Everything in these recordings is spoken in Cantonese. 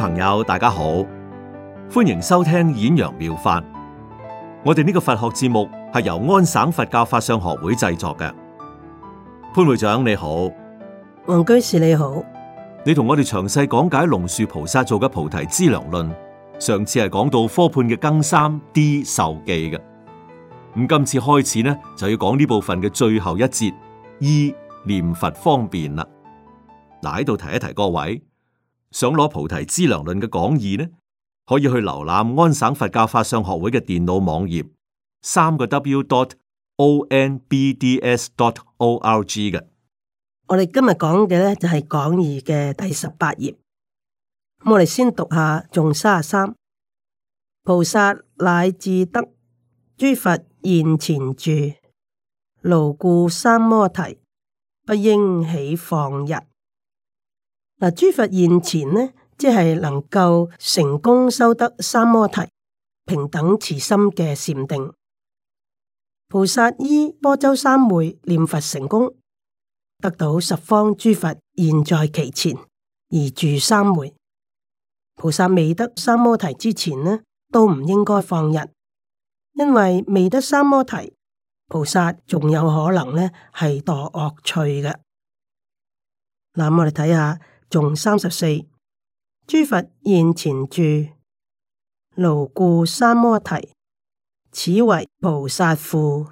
朋友，大家好，歡迎收聽演揚妙，妙法。我哋呢個佛學節目係由安省佛教法相學會製作嘅。潘會長你好，黃居士你好，你同我哋詳細講解龍樹菩薩做嘅菩提資糧論。上次係講到科判嘅更三 D 授記嘅，咁今次開始呢就要講呢部分嘅最後一節二、e, 念佛方便啦。嗱喺度提一提各位。想攞菩提資糧論嘅講義呢，可以去瀏覽安省佛教法相學會嘅電腦網頁，三個 w dot o n b d s dot o r g 嘅。我哋今日講嘅呢就係講義嘅第十八頁。咁我哋先讀下，頌三十三。菩薩乃至得，諸佛現前住，牢固三摩提，不應起放逸。」嗱，諸佛現前呢，即係能夠成功修得三摩提平等慈心嘅禪定。菩薩依般舟三昧念佛成功，得到十方諸佛現在其前而住三昧。菩薩未得三摩提之前呢，都唔應該放逸，因為未得三摩提，菩薩仲有可能呢係墮惡趣嘅。嗱，我哋睇下。頌三十四，諸佛現前住，牢固三摩提，此為菩薩父，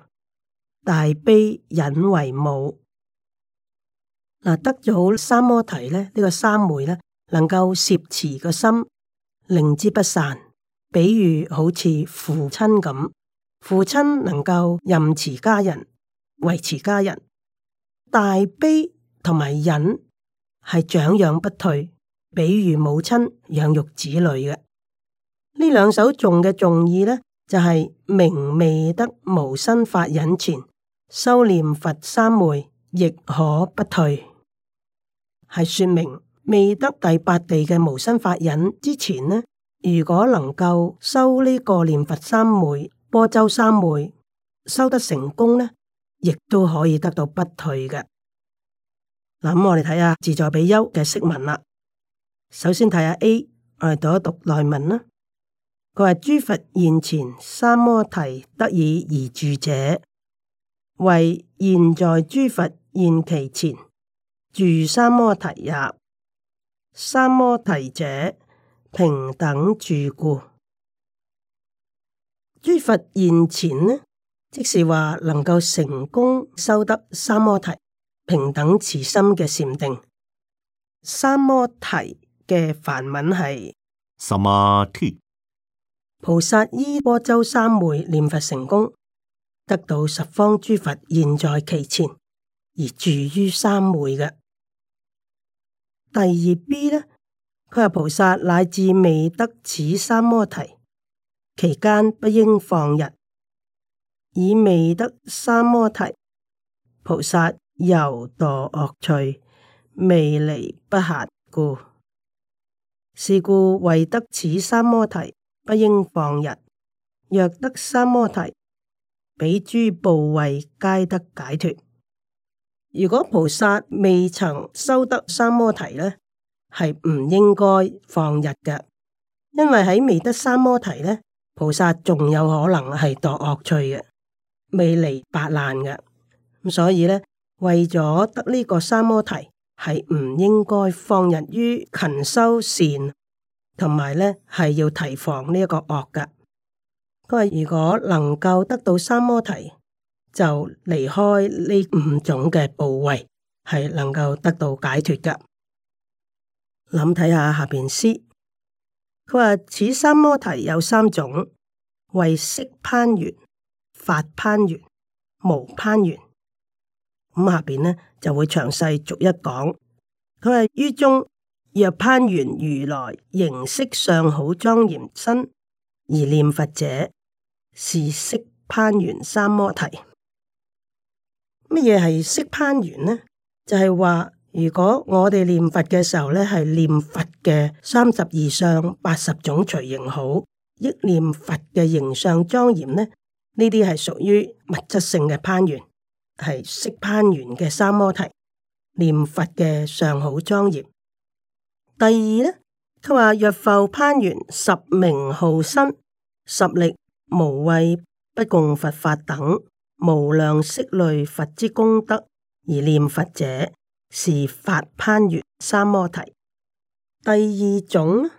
大悲忍為母。嗱、啊，得咗三摩提呢，呢、這個三昧呢，能夠攝持個心，令之不散。比喻好似父親咁，父親能夠任持家人，維持家人。大悲同埋忍，係長養不退，比如母親養育子女嘅。呢兩首頌嘅頌意呢，就係、是、明未得無生法忍前，修念佛三昧亦可不退，係說明未得第八地嘅無生法忍之前呢，如果能夠修呢個念佛三昧、般舟三昧，修得成功呢，亦都可以得到不退嘅。嗱，咁我哋睇下自在比丘嘅釋文啦。首先睇下 A，我哋讀一讀內文啦。佢話：諸佛現前，三摩提得以而住者，為現在諸佛現其前住三摩提也。三摩提者，平等住故。諸佛現前呢，即是話能夠成功修得三摩提。平等慈心嘅禪定，三摩提嘅梵文係。菩薩依般舟三昧念佛成功，得到十方諸佛現在其前而住於三昧嘅。第二 B 呢，佢話菩薩乃至未得此三摩提期間，不應放逸，以未得三摩提菩薩。又墮惡趣，未離不暇故。是故為得此三摩提，不應放逸。若得三摩提，彼諸部位皆得解脫。如果菩薩未曾修得三摩提呢係唔應該放逸嘅，因為喺未得三摩提呢菩薩仲有可能係墮惡趣嘅，未離八難嘅，咁所以呢。為咗得呢個三摩提，係唔應該放任於勤修善，同埋咧係要提防呢一個惡噶。佢話如果能夠得到三摩提，就離開呢五種嘅部位，係能夠得到解脫噶。諗睇下下邊詩，佢話此三摩提有三種，為色攀緣、法攀緣、無攀緣。咁下邊咧就會詳細逐一講。佢話於中若攀緣如來形色相好莊嚴身，而念佛者是色攀緣三摩提。乜嘢係色攀緣呢？就係、是、話如果我哋念佛嘅時候咧，係念佛嘅三十二相八十種隨形好憶念佛嘅形相莊嚴呢？呢啲係屬於物質性嘅攀緣。係識攀緣嘅三摩提，念佛嘅上好莊嚴。第二呢，佢話若浮攀緣十名號身，十力無畏不共佛法等無量色類佛之功德，而念佛者是法攀緣三摩提。第二種呢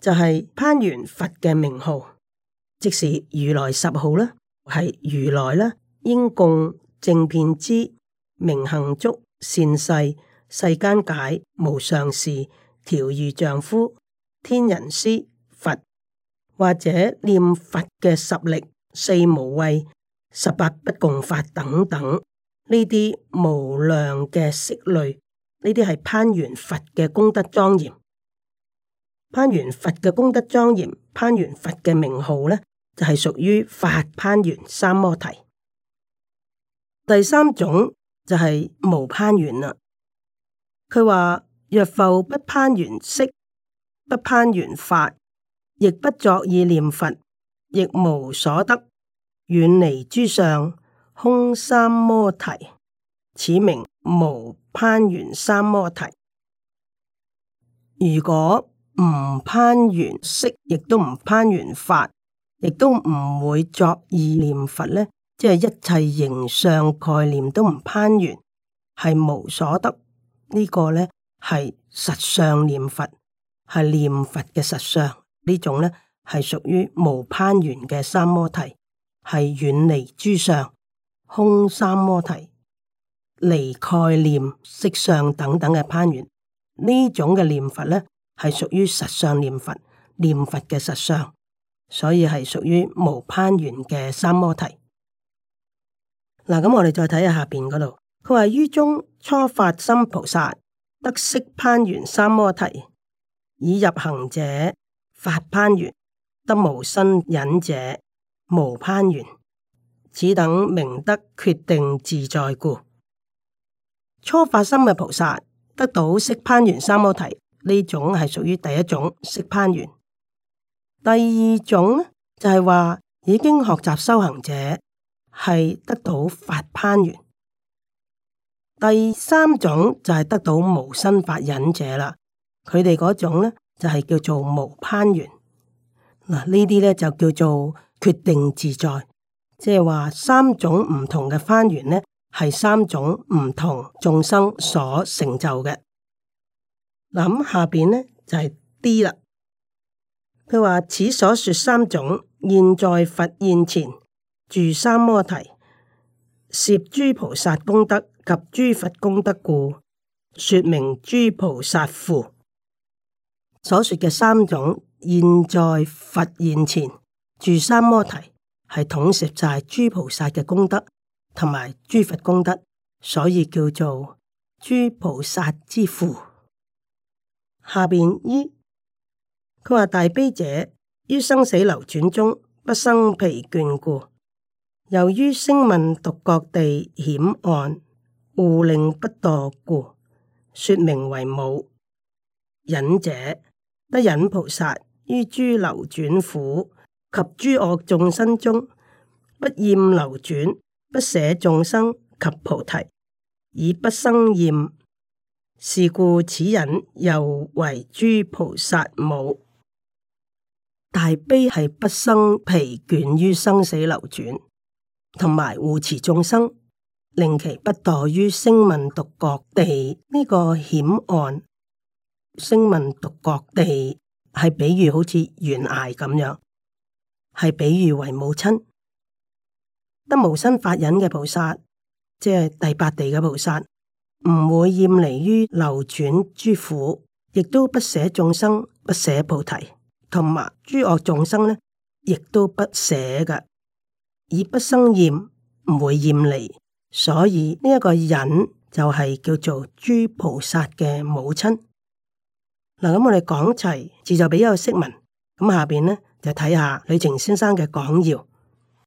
就係、是、攀緣佛嘅名號，即是如來十號啦，係如來啦，應供。正片之明行足善世，世間解無上事，調御丈夫，天人師佛，或者念佛嘅十力、四無畏、十八不共法等等，呢啲無量嘅色類，呢啲係攀緣佛嘅功德莊嚴。攀緣佛嘅功德莊嚴，攀緣佛嘅名號咧，就係、是、屬於法攀緣三摩提。第三種就係無攀緣啦。佢話若否不，不攀緣色，不攀緣法，亦不作意念佛，亦無所得，遠離諸相，空三摩提，此名無攀緣三摩提。如果唔攀緣色，亦都唔攀緣法，亦都唔會作意念佛呢？即係一切形相概念都唔攀緣，係無所得呢，呢個呢係實相念佛，係念佛嘅實相，呢種呢係屬於無攀緣嘅三摩提，係遠離諸相空三摩提，離概念色相等等嘅攀緣，呢種嘅念佛呢係屬於實相念佛，念佛嘅實相，所以係屬於無攀緣嘅三摩提。嗱，咁我哋再睇下下邊嗰度，佢話，於中初發心菩薩得色攀緣三摩提，以入行者法攀緣得無身忍者無攀緣，此等明德決定自在故。初發心嘅菩薩得到色攀緣三摩提，呢種係屬於第一種色攀緣。第二種呢，就係話已經學習修行者，係得到法攀緣，第三種就係得到無生法忍者啦。佢哋嗰種咧就係叫做無攀緣嗱，呢啲咧就叫做決定自在。即係話三種唔同嘅攀緣咧，係三種唔同眾生所成就嘅。嗱，咁下邊咧就係 D 啦。佢話此所說三種，現在佛現前。住三摩提，攝諸菩薩功德及諸佛功德故，說名諸菩薩父。所說嘅三種，現在佛現前住三摩提，係統攝在諸菩薩嘅功德同埋諸佛功德，所以叫做諸菩薩之父。下邊依佢話，大悲者於生死流轉中不生疲倦故。由於聲聞獨覺地險惡故令不墮故，說名為母。忍者，得忍菩薩於諸流轉苦及諸惡眾生中不厭流轉，不捨眾生及菩提，以不生厭，是故此忍又為諸菩薩母。大悲係不生疲倦於生死流轉。同埋護持眾生，令其不墮於聲聞獨覺地呢個險岸，聲聞獨覺地係比喻好似懸崖咁樣，係比喻為母親。得無生法忍嘅菩薩，即係第八地嘅菩薩，唔會厭離於流轉諸苦，亦都不捨眾生，不捨菩提，同埋諸惡眾生呢，亦都不捨嘅。而不生厭，唔會厭離，所以呢一、這個忍就係叫做諸菩薩嘅母親。嗱、well，咁我哋講齊，字就俾一個釋文。咁下邊呢就睇下呂澄先生嘅講要。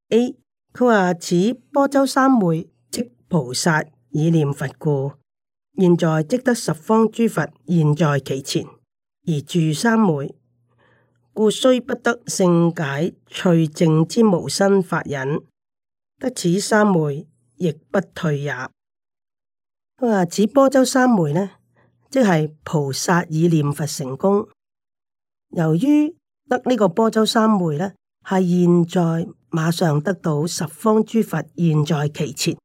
A 佢話此波舟三昧即菩薩以念佛故，現在即得十方諸佛現在其前而住三昧。故雖不得聖解趣正之無身法忍，得此三昧亦不退也。佢話此波舟三昧呢，即係菩薩以念佛成功。由於得呢個波舟三昧呢，係現在馬上得到十方諸佛現在其前，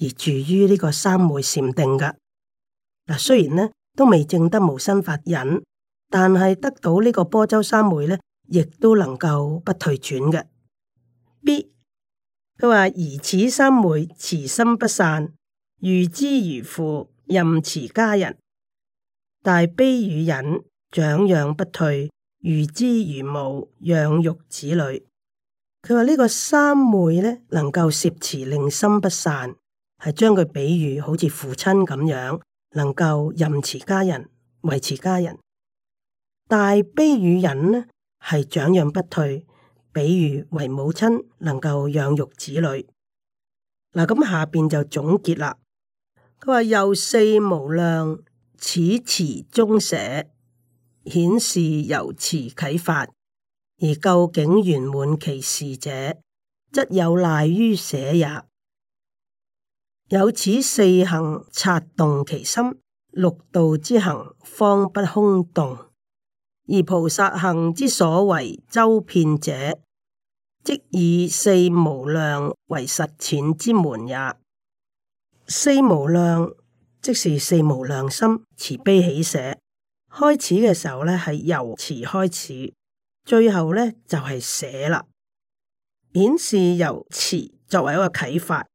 而住於呢個三昧禪定噶嗱，雖然呢都未證得無身法忍。但係得到呢個波州三昧呢，亦都能夠不退轉嘅。B，佢話而此三昧慈心不散，如之如父任持家人，大悲與忍長養不退，如之如母養育子女。佢話呢個三昧呢，能夠攝持令心不散，係將佢比喻好似父親咁樣，能夠任持家人維持家人。大悲與忍呢，係長養不退。比喻為母親能夠養育子女，嗱、啊、咁、嗯、下邊就總結啦。佢話有四無量此詞中寫顯示由詞啟發，而究竟圓滿其事者，則有賴於寫也。有此四行策動其心，六度之行方不空洞。而菩薩行之所為周遍者，即以四無量為實踐之門也。四無量即是四無量心，慈悲喜捨。開始嘅時候咧，係由慈開始，最後呢就係捨啦。顯示由慈作為一個啟發，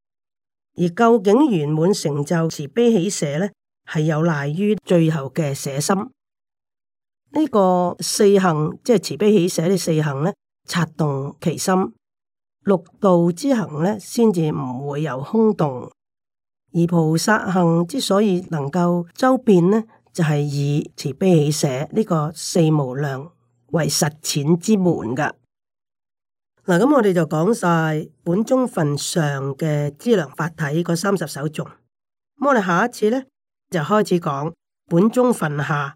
而究竟圓滿成就慈悲喜捨呢，係有賴於最後嘅捨心。呢個四行即係慈悲喜捨的四行咧，擦動其心六道之行咧，先至唔會有空洞。而菩薩行之所以能夠周遍咧，就係、是、以慈悲喜捨呢、這個四無量為實踐之門噶。嗱，咁我哋就講晒本宗分上嘅資糧法體嗰三十首頌。咁我哋下一次咧就開始講本宗分下。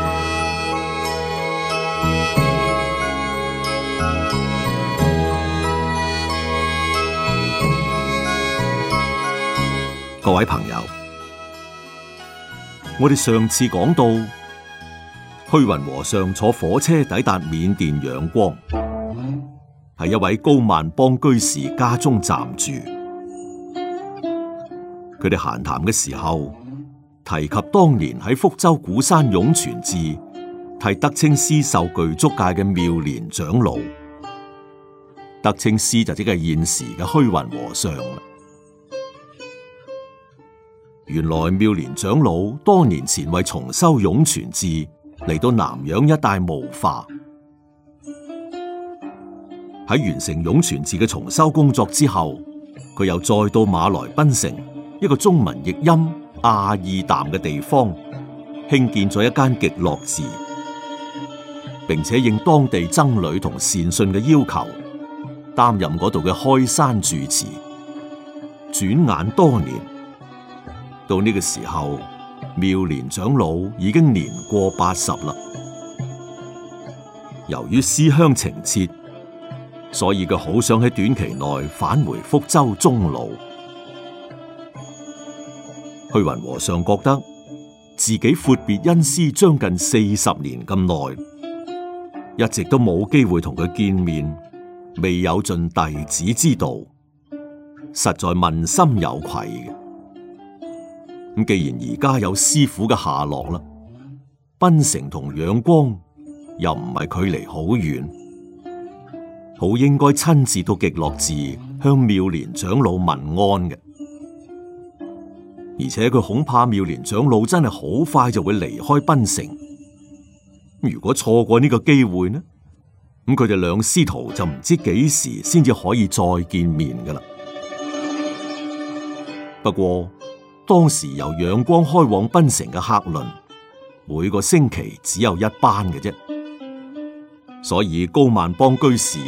各位朋友，我哋上次講到虛雲和尚坐火車抵達緬甸仰光，係一位高曼邦居士家中暫住。佢哋閒談嘅時候，提及當年喺福州鼓山湧泉寺替德清師受具足戒嘅妙蓮長老，德清師就即係現時嘅虛雲和尚。原來妙蓮長老多年前為重修湧泉寺，嚟到南洋一帶募化。喺完成湧泉寺嘅重修工作之後，佢又再到馬來檳城一個中文譯音亞依淡嘅地方，興建咗一間極樂寺，並且應當地僧侶同善信嘅要求，擔任嗰度嘅開山住持。轉眼多年。到呢個時候，妙蓮長老已經年過八十啦。由於思鄉情切，所以佢好想喺短期內返回福州終老。虛雲和尚覺得自己闊別恩師將近四十年咁耐，一直都冇機會同佢見面，未有盡弟子之道，實在問心有愧。咁既然而家有師傅嘅下落啦，檳城同仰光又唔係距離好遠，好應該親自到極樂寺向妙蓮長老問安嘅。而且佢恐怕妙蓮長老真係好快就會離開檳城，如果錯過呢個機會呢，咁佢哋兩師徒就唔知幾時先至可以再見面噶啦。不過。當時由仰光開往檳城嘅客輪，每個星期只有一班嘅啫，所以高曼邦居士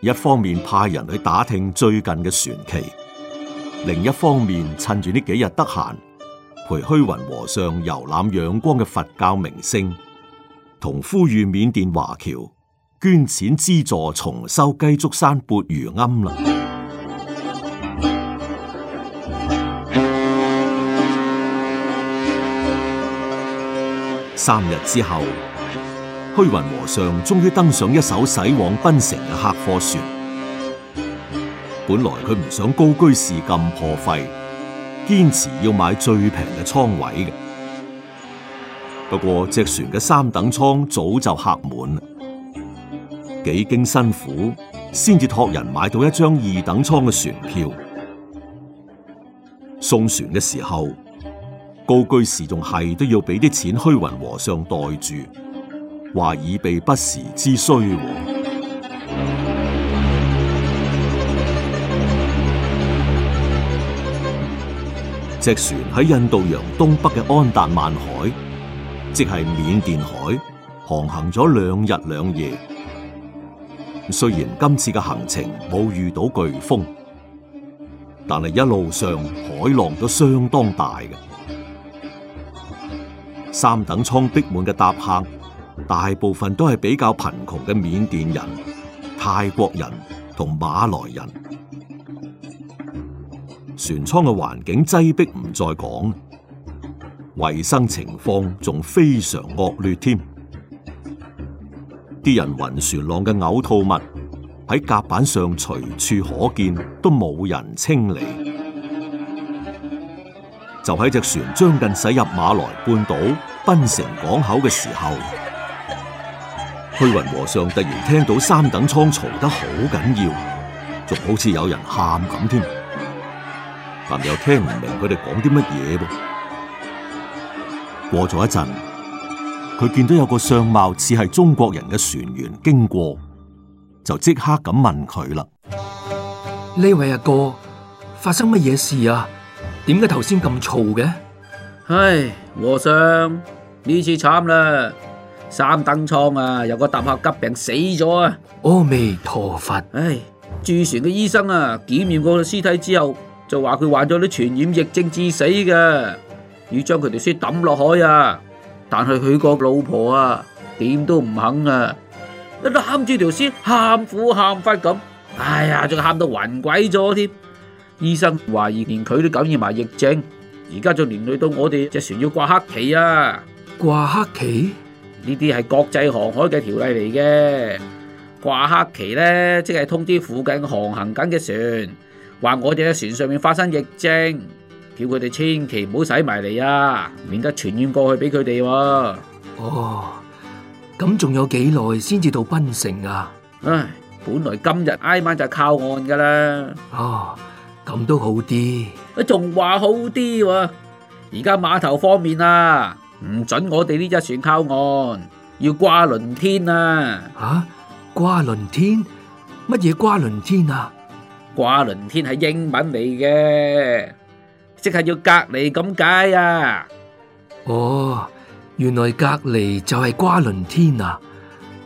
一方面派人去打聽最近嘅船期，另一方面趁住，呢幾日得閒陪虛雲和尚遊覽仰光嘅佛教名勝，同呼籲緬甸華僑捐錢資助重修雞足山鉢盂庵啦。三日之後，虛雲和尚終於登上一艘駛往檳城嘅客貨船。本來佢唔想高居士咁破費，堅持要買最平嘅艙位嘅。不過隻船嘅三等艙早就客滿啦，幾經辛苦先至託人買到一張二等艙嘅船票。送船嘅時候，高居時仲係都要俾啲錢虛雲和尚袋住，話以備不時之需。隻 船喺印度洋東北嘅安達曼海，即係緬甸海，航行咗兩日兩夜。雖然今次嘅行程冇遇到颶風，但係一路上海浪都相當大嘅。三等艙逼滿嘅搭客，大部分都係比較貧窮嘅緬甸人、泰國人同馬來人。船艙嘅環境擠迫唔再講，衛生情況仲非常惡劣添。啲人暈船浪嘅嘔吐物喺甲板上隨處可見，都冇人清理。就喺隻船將近駛入馬來半島檳城港口嘅時候，虛雲和尚突然聽到三等艙嘈得好緊要，仲好似有人喊咁添，但又聽唔明佢哋講啲乜嘢噃。過咗一陣，佢見到有個相貌似係中國人嘅船員經過，就即刻咁問佢啦：呢位阿哥，發生乜嘢事啊？點解頭先咁嘈嘅？唉，和尚呢次慘啦，三等艙啊，有個搭客急病死咗啊！阿彌陀佛！唉，住船嘅醫生啊，檢驗過個屍體之後，就話佢患咗啲傳染疫症致死嘅，要將佢條屍抌落海啊！但係佢個老婆啊，點都唔肯啊，一喊住條屍，喊苦喊屈咁，哎呀，仲喊到暈鬼咗添！醫生懷疑連佢都感染埋疫症，而家就連累到我哋隻船要掛黑旗啊！掛黑旗呢啲係國際航海嘅條例嚟嘅，掛黑旗咧，即係通知附近航行緊嘅船，話我哋喺船上面發生疫症，叫佢哋千祈唔好駛埋嚟啊，免得傳染過去俾佢哋。哦，咁仲有幾耐先至到檳城啊？唉，本來今日挨晚就係靠岸噶啦。哦。咁都好啲，佢仲話好啲喎。而家碼頭方面啊，唔准我哋呢隻船靠岸，要掛輪天啊。啊，掛輪天，乜嘢掛輪天啊？掛輪天係英文嚟嘅，即係要隔離咁解啊。哦，原來隔離就係掛輪天啊。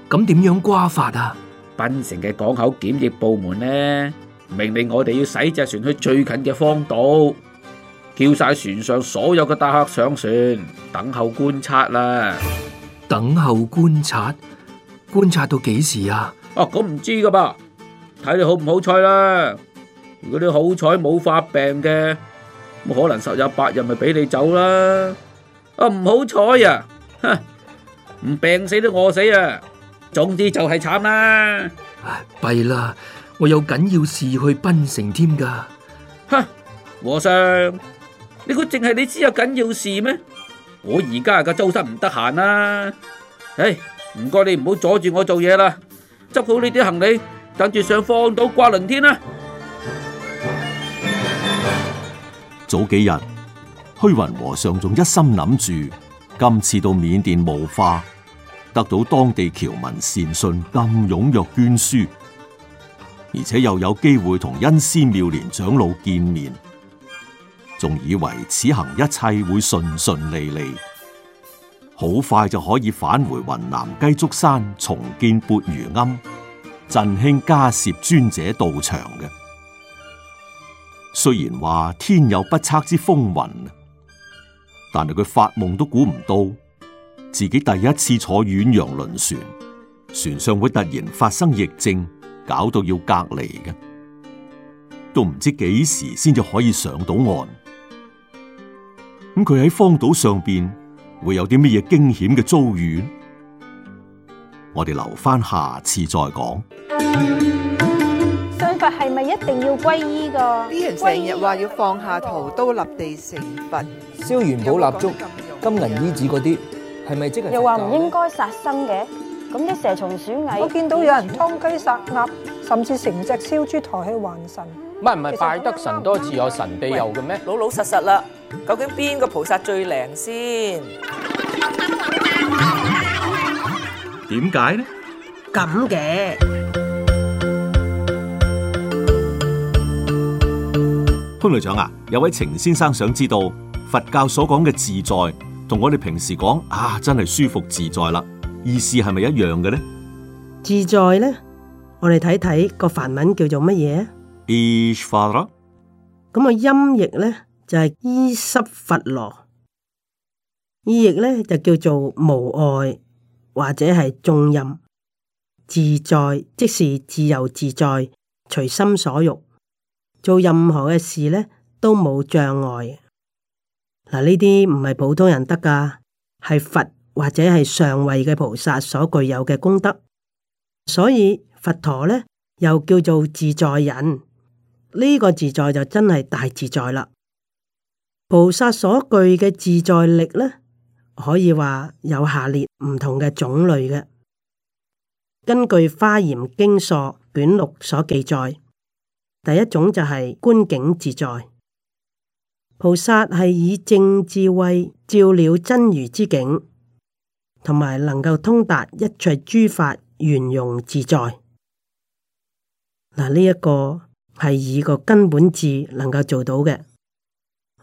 咁點樣掛法啊？檳城嘅港口檢疫部門呢？命令我哋要駛隻船去最近嘅荒島，叫晒船上所有嘅搭客上船，等候觀察啦。等候觀察，觀察到幾時啊？哦、啊，咁唔知噶噃，睇你好唔好彩啦。如果你好彩冇發病嘅，咁可能十日八日咪俾你走啦。啊，唔好彩啊，哼，唔病死都餓死啊。總之就係慘啦，弊啦、啊。我有緊要事去檳城添㗎，哈！和尚，你估淨係你知有緊要事咩？我而家個周身唔得閒啦，唉！唔該你唔好阻住我做嘢啦，執好你啲行李，等住上荒島掛輪天啦。早幾日，虛雲和尚仲一心諗住今次到緬甸募化，得到當地僑民善信咁踴躍捐輸。而且又有機會同恩師妙蓮長老見面，仲以為此行一切會順順利利，好快就可以返回雲南雞足山重建缽盂庵，振興迦葉尊者道場嘅。雖然話天有不測之風雲，但係佢發夢都估唔到，自己第一次坐遠洋輪船，船上會突然發生疫症。搞到要隔離嘅，都唔知幾時先至可以上到岸。咁佢喺荒島上邊會有啲乜嘢驚險嘅遭遇？我哋留翻下，下次再講。信佛係咪一定要皈依噶？啲人成日話要放下屠刀立地成佛，燒元寶蠟燭、有有金銀衣紙嗰啲，係咪即係又話唔應該殺生嘅？咁啲蛇蟲鼠蟻，我見到有人劏雞殺鴨，甚至成隻燒豬抬起還神。唔係唔係，拜得神多自有神庇佑嘅咩？老老實實啦，究竟邊個菩薩最靈先？點解呢？咁嘅潘隊長啊，有位程先生想知道佛教所講嘅自在，同我哋平時講啊，真係舒服自在啦。意思係咪一樣嘅呢？自在呢，我哋睇睇個梵文叫做乜嘢？Isvara，咁啊音譯呢就係伊濕佛羅，意譯呢就叫做無礙或者係眾任自在，即是自由自在，隨心所欲做任何嘅事呢都冇障礙。嗱，呢啲唔係普通人得噶，係佛。或者係上位嘅菩薩所具有嘅功德，所以佛陀呢又叫做自在人。呢個自在就真係大自在啦。菩薩所具嘅自在力呢，可以話有下列唔同嘅種類嘅。根據《華嚴經疏》卷六所記載，第一種就係觀境自在，菩薩係以正智慧照了真如之境。同埋能夠通達一切諸法圓融自在，嗱，呢一個係以個根本智能夠做到嘅。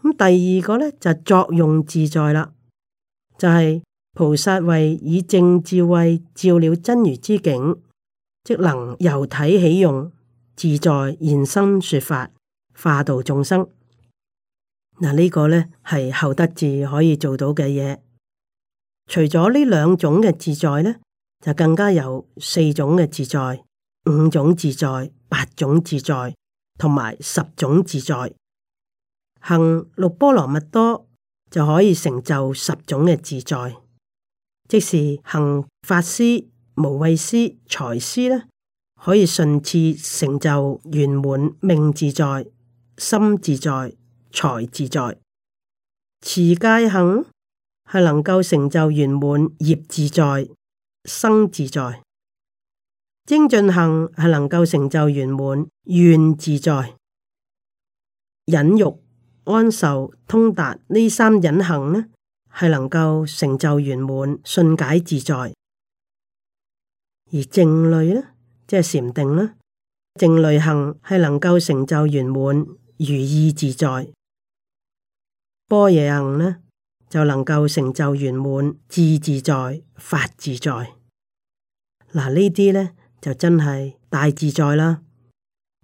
咁第二個咧就是，作用自在啦，就係，是，菩薩為以正智慧照了真如之境，即能由體起用自在現身說法，化度眾生。嗱，這個，呢個咧係後得智可以做到嘅嘢。除咗呢兩種嘅自在呢，就更加有四種嘅自在、五種自在、八種自在同埋十種自在。行六波羅蜜多就可以成就十種嘅自在，即是行法施、無畏施、財施呢，可以順次成就圓滿命自在、心自在、財自在、持戒行。係能夠成就圓滿業自在、生自在、精進行係能夠成就圓滿願自在、忍辱安受通達呢三忍行呢，係能夠成就圓滿信解自在。而靜慮呢，即係禪定呢，靜慮行係能夠成就圓滿如意自在。波野行呢，就能夠成就圓滿，智自在，法自在。嗱、啊，呢啲咧就真係大自在啦。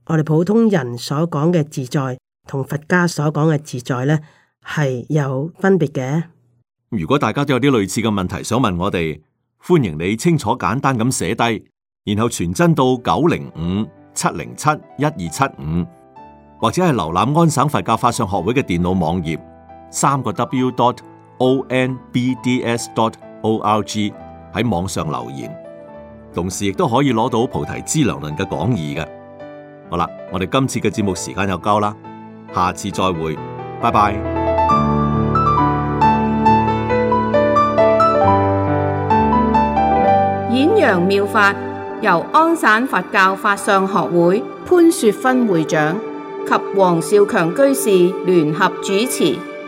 我哋普通人所講嘅自在，同佛家所講嘅自在咧，係有分別嘅。如果大家都有啲類似嘅問題想問我哋，歡迎你清楚簡單咁寫低，然後傳真到九零五七零七一二七五，75, 或者係瀏覽安省佛教法相學會嘅電腦網頁，三個 W dot。onbds.org 喺網上留言，同時亦都可以攞到菩提資糧論嘅講義嘅。好啦，我哋今次嘅節目時間又夠啦，下次再會，拜拜。演揚妙法由安省佛教法相學會潘雪芬會長及黃少強居士聯合主持。